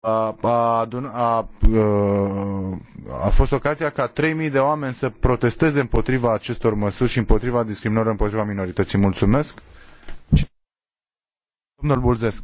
a, a, a, a fost ocazia ca 3.000 de oameni să protesteze împotriva acestor măsuri și împotriva discriminării împotriva minorității. Mulțumesc. Domnul Bulzesc.